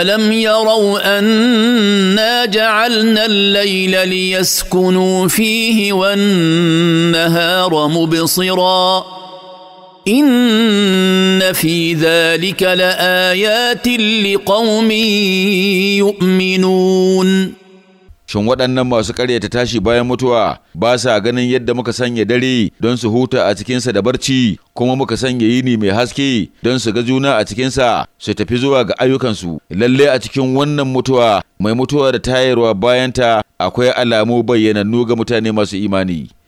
الم يروا انا جعلنا الليل ليسكنوا فيه والنهار مبصرا ان في ذلك لايات لقوم يؤمنون Shin waɗannan masu ƙaryata tashi bayan mutuwa ba sa ganin yadda muka sanya dare don su huta a cikinsa da barci, kuma muka sanya yini mai haske don su ga juna a cikinsa su tafi zuwa ga ayyukansu. Lalle a cikin wannan mutuwa mai mutuwa da tayarwa bayanta akwai alamu bayyanannu ga mutane masu imani.